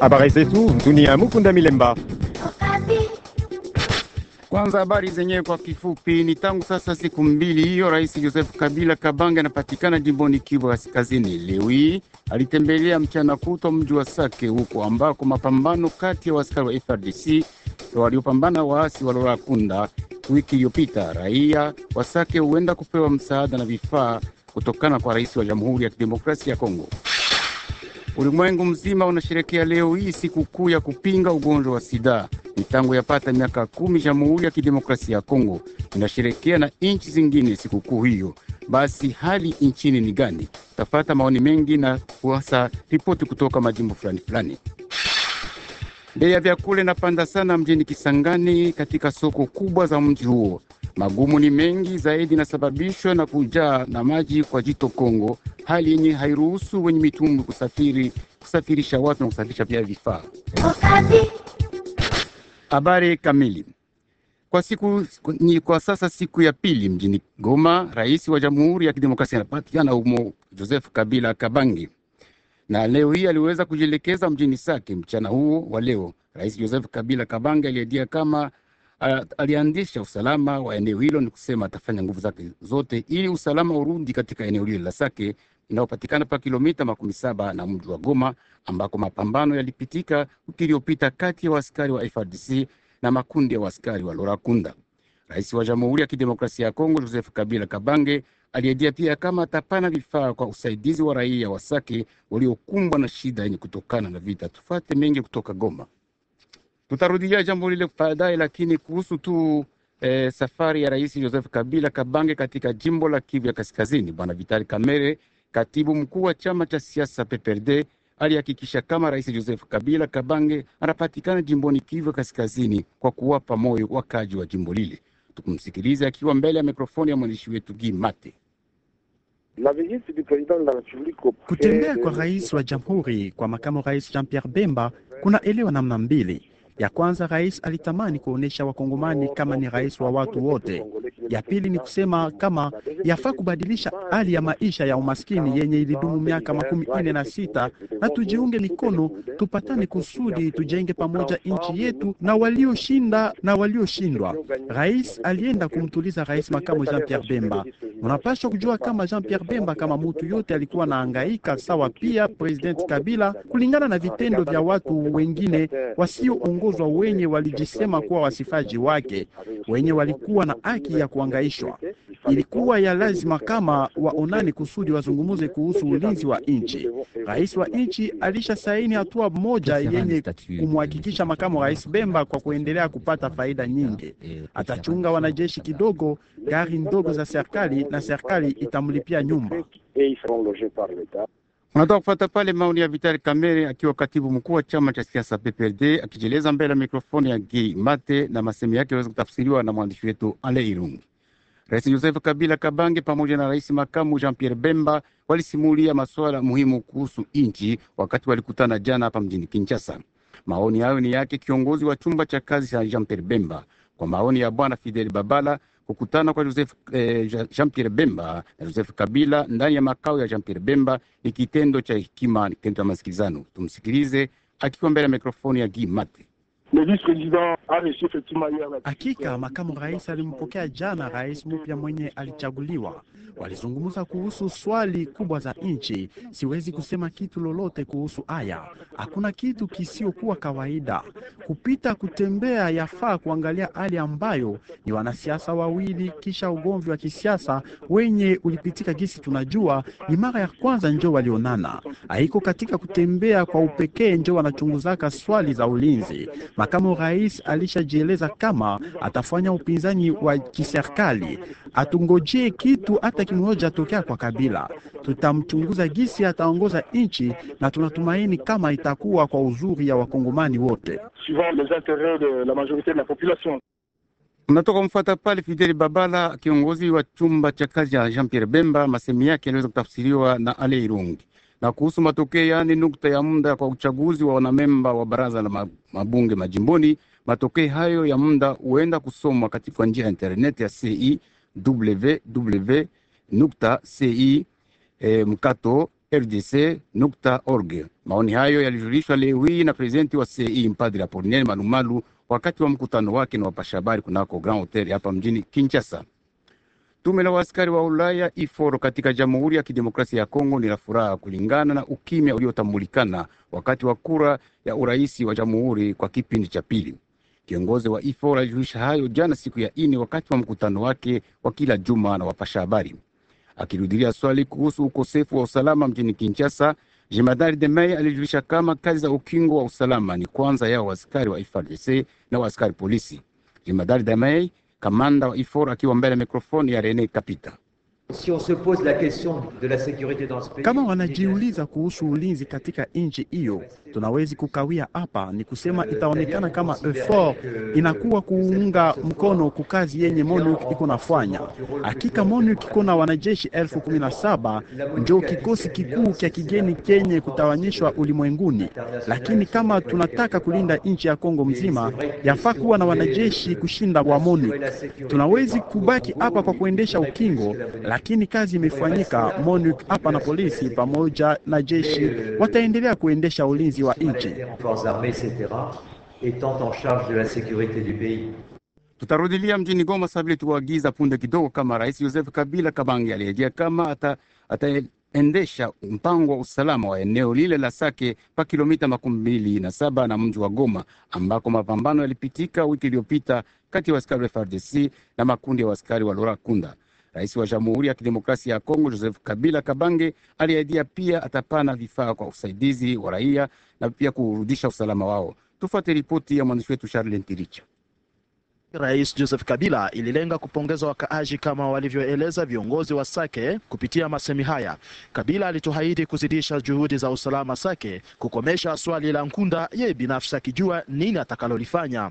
Habari zetu dunia, Mukunda Milemba. Kwanza habari zenyewe kwa kifupi ni tangu sasa siku mbili hiyo, Rais Joseph Kabila Kabange anapatikana jimboni Kivu Kaskazini. lewi alitembelea mchana kutwa mji wa Sake, huko ambako mapambano kati ya askari wa FRDC waliopambana waasi wa kunda wiki iliyopita. Raia wa Sake huenda kupewa msaada na vifaa kutokana kwa rais wa Jamhuri ya Kidemokrasia ya Kongo. Ulimwengu mzima unasherekea leo hii siku kuu ya kupinga ugonjwa wa sida. Ni tangu yapata miaka kumi Jamhuri ya Kidemokrasia ya Kongo inasherekea na nchi zingine sikukuu hiyo. Basi hali nchini ni gani? Tafata maoni mengi na kuasa ripoti kutoka majimbo fulani fulani. Bei ya vyakula inapanda sana mjini Kisangani katika soko kubwa za mji huo. Magumu ni mengi zaidi inasababishwa na kujaa na maji kwa jito Kongo, hali yenye hairuhusu wenye mitumbwi kusafiri, kusafirisha watu na kusafirisha pia vifaa. Habari kamili kwa siku ni kwa sasa siku ya pili mjini Goma, rais wa Jamhuri ya Kidemokrasia anapatikana humo Joseph Kabila Kabangi, na leo hii aliweza kujielekeza mjini Sake mchana huo wa leo. Rais Joseph Kabila Kabangi aliadia kama aliandisha usalama wa eneo hilo, ni kusema atafanya nguvu zake zote ili usalama urudi katika eneo lile la Sake inayopatikana pa kilomita makumi saba na mji wa Goma ambako mapambano yalipitika wiki iliyopita kati ya waaskari wa FRDC na makundi ya waaskari wa Lorakunda. Rais wa Jamhuri ya Kidemokrasia ya Kongo Joseph Kabila Kabange aliadia pia kama atapana vifaa kwa usaidizi wa raia wa Sake waliokumbwa na shida yenye kutokana na vita. Tufate mengi kutoka Goma. Tutarudia jambo lile baadaye, lakini kuhusu tu eh, safari ya Rais Joseph Kabila Kabange katika jimbo la Kivu ya Kaskazini, Bwana Vitali Kamere, katibu mkuu wa chama cha siasa PPRD, alihakikisha kama Rais Joseph Kabila Kabange anapatikana jimboni Kivu ya Kaskazini kwa kuwapa moyo wakaji wa jimbo lile. Tukumsikilize akiwa mbele ya mikrofoni ya mwandishi wetu Gimate. Kutembea kwa rais wa jamhuri kwa makamu rais Jean Pierre Bemba kuna elewa namna mbili ya kwanza, rais alitamani kuonesha wakongomani kama ni rais wa watu wote. Ya pili ni kusema kama yafaa kubadilisha hali ya maisha ya umaskini yenye ilidumu miaka makumi nne na sita na tujiunge mikono, tupatane kusudi tujenge pamoja nchi yetu, na walioshinda na walioshindwa. Rais alienda kumtuliza rais makamu Jean Pierre Bemba. Mnapaswa kujua kama Jean Pierre Bemba kama mutu yote alikuwa anahangaika sawa, pia President Kabila, kulingana na vitendo vya watu wengine wasioongozwa wenye walijisema kuwa wasifaji wake, wenye walikuwa na haki ya kuangaishwa ilikuwa ya lazima kama onani kusudi wazungumuze kuhusu ulinzi wa nchi. Rais wa nchi alisha saini hatua moja yenye kumhakikisha makamu rais Bemba kwa kuendelea kupata faida nyingi. Eh, eh, Atachunga wanajeshi kidogo, gari ndogo za serikali, na serikali itamlipia nyumba. Unataka kufata pale maoni ya Vitali Kamere akiwa katibu mkuu wa chama cha siasa PPRD akijieleza mbele ya mikrofoni ya Gei Mate, na masemi yake aweza kutafsiriwa na mwandishi wetu Ale irungu Rais Joseph Kabila Kabange pamoja na rais makamu Jean Pierre Bemba walisimulia masuala muhimu kuhusu nchi wakati walikutana jana hapa mjini Kinshasa. Maoni hayo ni yake kiongozi wa chumba cha kazi cha Jean Pierre Bemba. Kwa maoni ya bwana Fidel Babala, kukutana kwa Joseph, eh, Jean Pierre Bemba na Joseph Kabila ndani ya makao ya Jean Pierre Bemba ni kitendo cha hekima, kitendo cha masikilizano. Tumsikilize akiwa mbele ya mikrofoni ya Gimate. Hakika makamu rais alimpokea jana rais mpya mwenye alichaguliwa. Walizungumza kuhusu swali kubwa za nchi. Siwezi kusema kitu lolote kuhusu haya, hakuna kitu kisiokuwa kawaida kupita kutembea. Yafaa kuangalia hali ambayo ni wanasiasa wawili, kisha ugomvi wa kisiasa wenye ulipitika gisi. Tunajua ni mara ya kwanza njo walionana, haiko katika kutembea kwa upekee njo wanachunguzaka swali za ulinzi Makamu rais alishajieleza kama atafanya upinzani wa kiserikali. Atungojee kitu hata kimoja tokea kwa Kabila. Tutamchunguza gisi ataongoza nchi, na tunatumaini kama itakuwa kwa uzuri ya wakongomani wote. Mnatoka mfuata pale Fideli Babala, kiongozi wa chumba cha kazi ya Jean Pierre Bemba. Masemi yake yanaweza kutafsiriwa na Ale Irungi na kuhusu matokeo yaani nukta ya muda kwa uchaguzi wa wanamemba wa baraza la mabunge majimboni. Matokeo hayo ya muda huenda kusomwa katika njia ya internet ya CIWW nukta ci e, eh, mkato rdc nukta org. Maoni hayo yalijulishwa leo hii na prezidenti wa CI mpadri Apolinaire Malumalu wakati wa mkutano wake na wapasha habari kunako Grand Hotel hapa mjini Kinshasa. Tume la waaskari wa Ulaya iforo katika Jamhuri ya Kidemokrasia ya Kongo ni la furaha kulingana na ukimya uliotambulikana wakati wa kura ya urais wa jamhuri kwa kipindi cha pili. Kiongozi wa IFOR alijulisha hayo jana siku ya ine wakati wa mkutano wake wa kila juma na wapasha habari, akirudilia swali kuhusu ukosefu wa usalama mjini Kinshasa. Jemadari de Mai alijulisha kama kazi za ukingo wa usalama ni kwanza yao waaskari wa FARDC na waaskari polisi. Jemadari de Mai Kamanda wa IFOR e akiwa mbele ya mikrofoni ya Rene Kapita. Kama wanajiuliza kuhusu ulinzi katika nchi hiyo, tunawezi kukawia hapa. Ni kusema euh, itaonekana kama effort inakuwa kuunga mkono kukazi yenye MONUC iko nafanya. Hakika MONUC iko na wanajeshi elfu kumi na saba ndio kikosi kikuu cha kigeni kenye kutawanyishwa ulimwenguni, lakini kama tunataka kulinda nchi ya Kongo mzima, yafaa kuwa na wanajeshi euh, kushinda wa MONUC. Tunawezi kubaki hapa kwa kuendesha ukingo lakini kazi imefanyika. MONUC hapa na polisi pamoja na jeshi wataendelea kuendesha ulinzi wa nchi. Tutarudilia mjini Goma sabili tuagiza punde kidogo, kama Rais Joseph Kabila Kabange aliyejia kama ataendesha ata mpango wa usalama wa eneo lile la Sake pa kilomita makumi mbili na saba na mji wa Goma ambako mapambano yalipitika wiki iliyopita kati ya waskari wa FARDC na makundi ya askari wa Lora Kunda. Rais wa Jamhuri ya Kidemokrasia ya Kongo Joseph Kabila Kabange aliahidia pia atapana vifaa kwa usaidizi wa raia na pia kurudisha usalama wao. Tufuate ripoti ya mwandishi wetu Charles Ntiricha. Rais Joseph Kabila ililenga kupongeza wakaaji kama walivyoeleza viongozi wa Sake kupitia masemi haya. Kabila alituahidi kuzidisha juhudi za usalama Sake, kukomesha swali la Nkunda, yeye binafsi akijua nini atakalolifanya.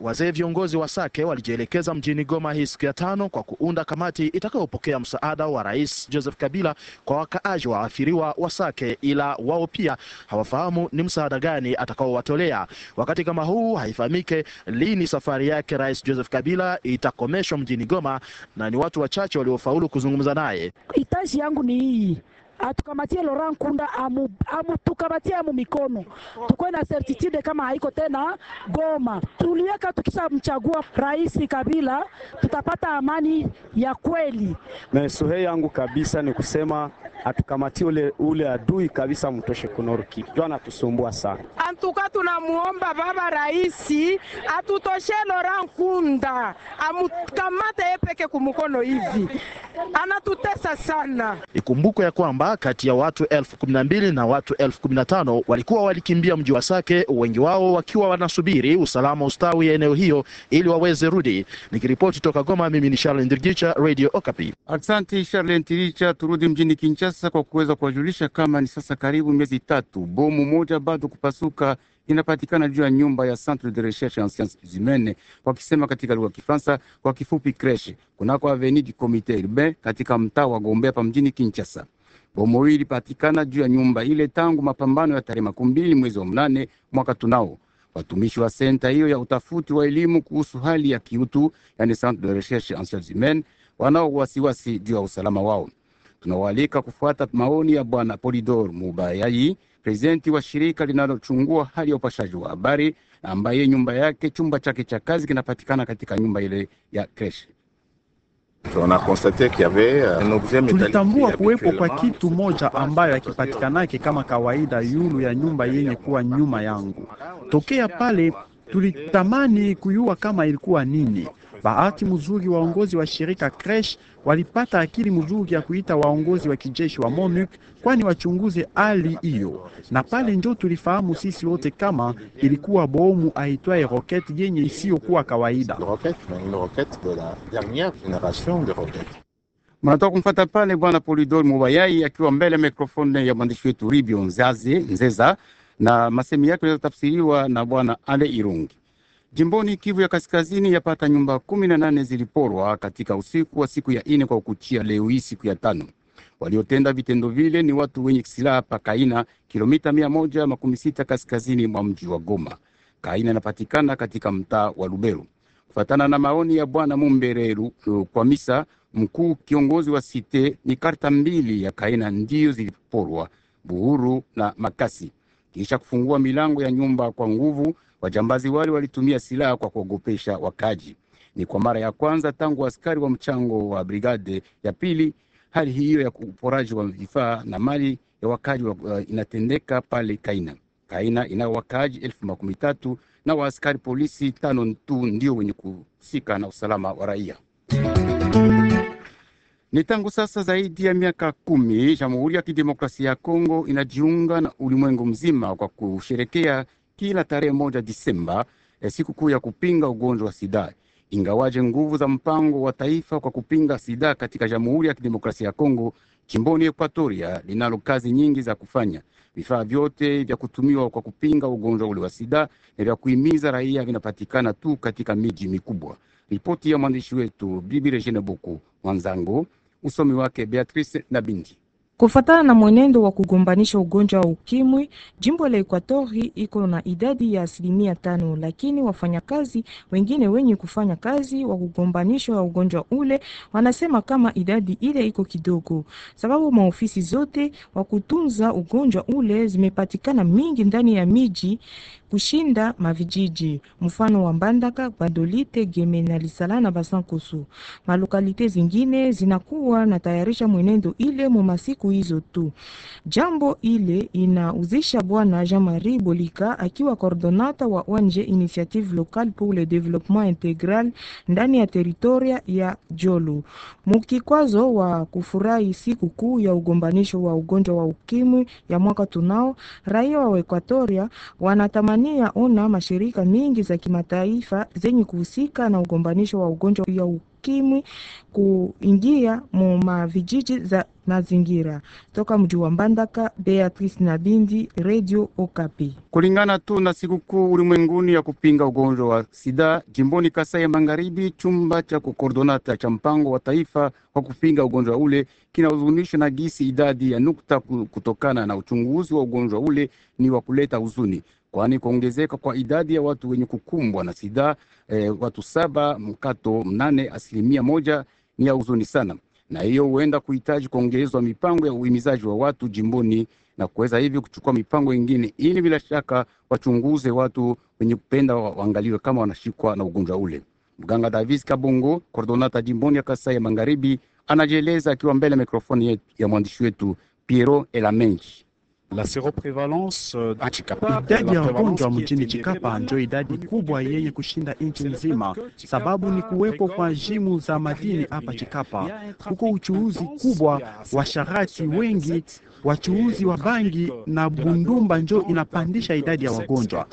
Wazee viongozi wa Sake walijielekeza mjini Goma hii siku ya tano kwa kuunda kamati itakayopokea msaada wa Rais Joseph Kabila kwa wakaaji waathiriwa wa Sake, ila wao pia hawafahamu ni msaada gani atakaowatolea. Wakati kama huu haifahamike lini safari yake Rais Joseph Kabila itakomeshwa mjini Goma, na ni watu wachache waliofaulu kuzungumza naye. Itashi yangu ni hii atukamatie Laurent kunda amu, amu tukamatie amu mikono, tukuwe na certitude kama haiko tena Goma. Tuliweka mchagua Rais Kabila tutapata amani ya kweli. Mesuhe yangu kabisa ni kusema atukamatie ule, ule adui kabisa, mtoshe kunorki jo tusumbua sana. Antuka tunamuomba baba rais atutoshe Laurent Nkunda, amukamate yepeke kumukono hivi, anatutesa sana. Ikumbuko ya kwamba kwamba kati ya watu elfu kumi na mbili na watu elfu kumi na tano walikuwa walikimbia mji wa Sake, wengi wao wakiwa wanasubiri usalama ustawi ya eneo hiyo ili waweze rudi. Nikiripoti toka Goma, mimi ni Charles Ndirgicha, Radio Okapi. Asante Charles Ndirgicha. Turudi mjini Kinshasa kwa kuweza kuwajulisha kama ni sasa karibu miezi tatu, bomu moja bado kupasuka inapatikana juu ya nyumba ya Centre de Recherche en Sciences Humaines, wakisema katika lugha ya Kifaransa kwa kifupi creche, kunako Avenue du Comité Urbain katika mtaa wa Gombe hapa mjini Kinshasa. Bomoili ilipatikana juu ya nyumba ile tangu mapambano ya tarehe makumi mbili mwezi wa mnane mwaka tunao. Watumishi wa senta hiyo ya utafuti wa elimu kuhusu hali ya kiutu, yani Centre de Recherche en Sciences Humaines, wanao wasiwasi juu ya usalama wao. Tunawaalika kufuata maoni ya bwana Polidor Mubayai, prezidenti wa shirika linalochungua hali ya upashaji wa habari, ambaye nyumba yake chumba chake cha kazi kinapatikana katika nyumba ile ya kreshe. Tulitambua kuwepo kwa kitu moja ambayo hakipatikanake kama kawaida yulu ya nyumba yenye kuwa nyuma yangu. Tokea pale tulitamani kuyua kama ilikuwa nini. Bahati mzuri, waongozi wa shirika Crash walipata akili mzuri ya kuita waongozi wa kijeshi wa MONUC kwani wachunguze hali hiyo, na pale njo tulifahamu sisi wote kama ilikuwa bomu aitwaye roketi yenye isiyokuwa kawaida. Mnatoka kumfata pale bwana Polidor Mubayai akiwa mbele mikrofoni ya mwandishi wetu Ribio Nzaze Nzeza, na masemi yake yanaweza tafsiriwa na bwana Ale Irungi. Jimboni Kivu ya Kaskazini, yapata nyumba kumi na nane ziliporwa katika usiku wa siku ya ine kwa kuchia leo hii siku ya tano. Waliotenda vitendo vile ni watu wenye silaha pa Kaina, kilomita mia moja makumi sita kaskazini mwa mji wa Goma. Kaina inapatikana katika mtaa wa Lubero. Kufatana na maoni ya Bwana Mumbereru eh, kwa misa mkuu kiongozi wa site, ni karta mbili ya Kaina ndiyo ziliporwa, Buhuru na Makasi, kisha kufungua milango ya nyumba kwa nguvu Wajambazi wale walitumia silaha kwa kuogopesha wakaji. Ni kwa mara ya kwanza tangu askari wa mchango wa brigade ya pili hali hiyo ya uporaji wa vifaa na mali ya wakaji wa uh, inatendeka pale Kaina. Kaina inayo wakaji elfu makumi tatu na waaskari polisi tano tu ndio wenye kuhusika na usalama wa raia. Ni tangu sasa zaidi ya miaka kumi Jamhuri ya Kidemokrasia ya Kongo inajiunga na ulimwengu mzima kwa kusherekea kila tarehe moja Disemba ya eh, kuu ya kupinga ugonjwa wa sida. Ingawaje nguvu za mpango wa taifa kwa kupinga sida katika Jamhuri ya Kidemokrasia ya Kongo jimboni Ekuatoria linalo kazi nyingi za kufanya. Vifaa vyote vya kutumiwa kwa kupinga ugonjwa ule wa sida na vya kuhimiza raia vinapatikana tu katika miji mikubwa. Ripoti ya mwandishi wetu Bibi Regine Buku Mwanzango, usomi wake Beatrice na Bindi kufatana na mwenendo wa kugombanisha ugonjwa wa ukimwi, jimbo la Ekwatori iko na idadi ya asilimia tano, lakini wafanyakazi wengine wenye kufanya kazi wa kugombanishwa wa ugonjwa ule wanasema kama idadi ile iko kidogo, sababu maofisi zote wa kutunza ugonjwa ule zimepatikana mingi ndani ya miji kushinda mavijiji mfano wa Mbandaka, Bandolite, na Lisala na Basankusu. Malokalite zingine zinakuwa na tayarisha mwenendo ile mumasiku hizo tu. Jambo ile inauzisha Bwana Jean-Marie Bolika akiwa kordonata wa ONG Initiative Locale pour le Développement Integral ndani ya teritoria ya Jolu. Mukikwazo wa kufurahi siku kuu ya ugombanisho wa ugonjwa wa ukimwi ya mwaka tunao, raia wa Ekuatoria wanatamani Tanzania ona mashirika mengi za kimataifa zenye kuhusika na ugombanisho wa ugonjwa ya ukimwi kuingia mu mavijiji za mazingira toka mji wa Mbandaka. Beatrice na Bindi, Radio Okapi. Kulingana tu na sikukuu ulimwenguni ya kupinga ugonjwa wa sida, jimboni Kasai ya Magharibi, chumba cha kukordonata cha mpango wa taifa kwa kupinga ugonjwa ule kinahuzunishwa na gisi idadi ya nukta kutokana na uchunguzi wa ugonjwa ule ni wa kuleta huzuni kwani kuongezeka kwa idadi ya watu wenye kukumbwa na sida eh, watu saba mkato mnane asilimia moja ni ya huzuni sana, na hiyo huenda kuhitaji kuongezwa mipango ya uhimizaji wa watu jimboni na kuweza hivi kuchukua mipango ingine, ili bila shaka wachunguze watu wenye kupenda waangaliwe kama wanashikwa na ugonjwa ule. Mganga Davis Kabongo, kordonata jimboni ya Kasai ya Magharibi, anajieleza akiwa mbele ya mikrofoni ya mwandishi wetu Piero Elamenji la séroprévalence euh, Chikapa. idadi ya wagonjwa mjini Chikapa ndio idadi kubwa yenye kushinda nchi nzima. Sababu ni kuwepo kwa jimu za madini hapa Chikapa. Huko uchuuzi kubwa, wa sharati wengi, wachuuzi wa bangi euh, na bundumba njo inapandisha euh, idadi ya wagonjwa.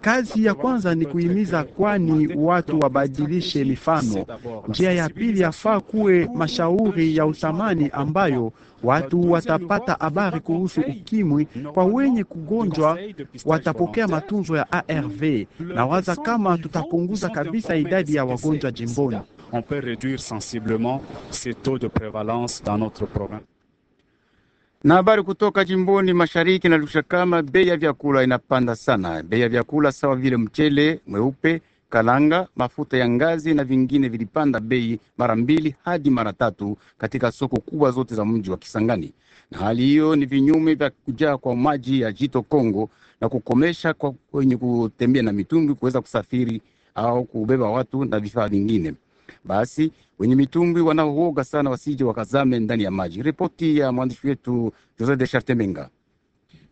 Kazi ya kwanza ni kuhimiza kwani watu wabadilishe mifano. Njia ya pili yafaa kuwe mashauri ya uthamani ambayo watu watapata habari kuhusu ukimwi. Kwa wenye kugonjwa watapokea matunzo ya ARV na waza kama tutapunguza kabisa idadi ya wagonjwa jimboni. On peut réduire sensiblement taux de prévalence dans notre na habari kutoka jimboni mashariki na Lushakama, bei ya vyakula inapanda sana. Bei ya vyakula sawa vile mchele mweupe, kalanga, mafuta ya ngazi na vingine vilipanda bei mara mbili hadi mara tatu katika soko kubwa zote za mji wa Kisangani, na hali hiyo ni vinyume vya kujaa kwa maji ya jito Kongo na kukomesha kwa kwenye kutembea na mitungi kuweza kusafiri au kubeba watu na vifaa vingine basi wenye mitumbwi wanaooga sana wasije wakazame ndani ya maji. Ripoti ya mwandishi wetu Jose de Chartemenga.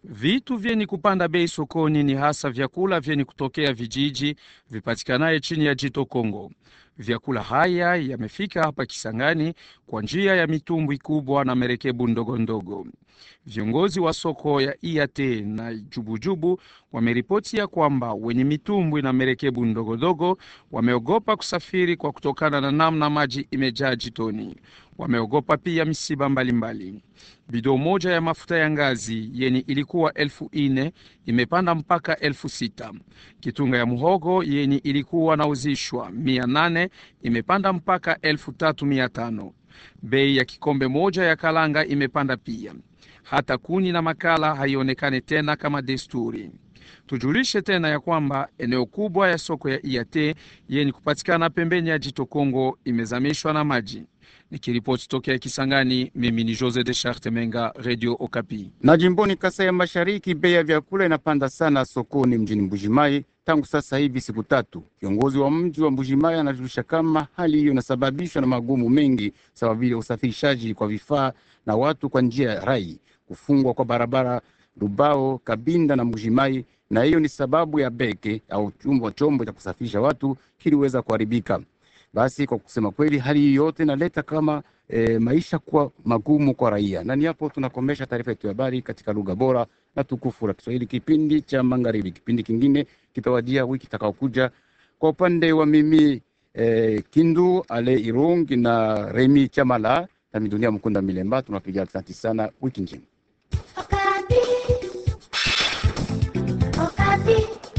Vitu vyeni kupanda bei sokoni ni hasa vyakula vyeni kutokea vijiji vipatikanaye chini ya jito Kongo. Vyakula haya yamefika hapa Kisangani kwa njia ya mitumbwi kubwa na merekebu ndogondogo ndogo. Viongozi wa soko ya iat na Jubujubu wameripotia kwamba wenye mitumbwi na merekebu ndogodogo wameogopa kusafiri kwa kutokana na namna maji imejaa jitoni. Wameogopa pia misiba mbalimbali. Bidoo moja ya mafuta ya ngazi yenye ilikuwa elfu ine imepanda mpaka elfu sita. Kitunga ya muhogo yenye ilikuwa nauzishwa mia nane imepanda mpaka elfu tatu mia tano. Bei ya kikombe moja ya kalanga imepanda pia hata kuni na makala haionekane tena kama desturi. Tujulishe tena ya kwamba eneo kubwa ya soko ya IAT yenye kupatikana pembeni ya jito Kongo imezamishwa na maji. Nikiripoti tokea Kisangani, mimi ni Jose de Charte Menga, Radio Okapi. Na jimboni Kasai ya Mashariki, bei ya vyakula inapanda sana sokoni mjini Mbujimai tangu sasa hivi siku tatu. Kiongozi wa mji wa Mbujimai anajulisha kama hali hiyo inasababishwa na magumu mengi, sawa vile usafirishaji kwa vifaa na watu kwa njia ya rai kufungwa kwa barabara Rubao, Kabinda na Mbujimayi, na hiyo ni sababu ya beke au chumbo chombo cha kusafirisha watu kiliweza kuharibika. Basi kwa kusema kweli, hali hiyo yote inaleta kama e, maisha kuwa magumu kwa raia, na ni hapo tunakomesha taarifa yetu ya habari katika lugha bora na tukufu la Kiswahili, kipindi cha Magharibi. Kipindi kingine kitawadia wiki itakayokuja. Kwa upande wa mimi e, Kindu Ale Irungi na Remi Chamala na Midunia Mkunda Milemba, tunapiga asante sana, wiki njema. Thank you.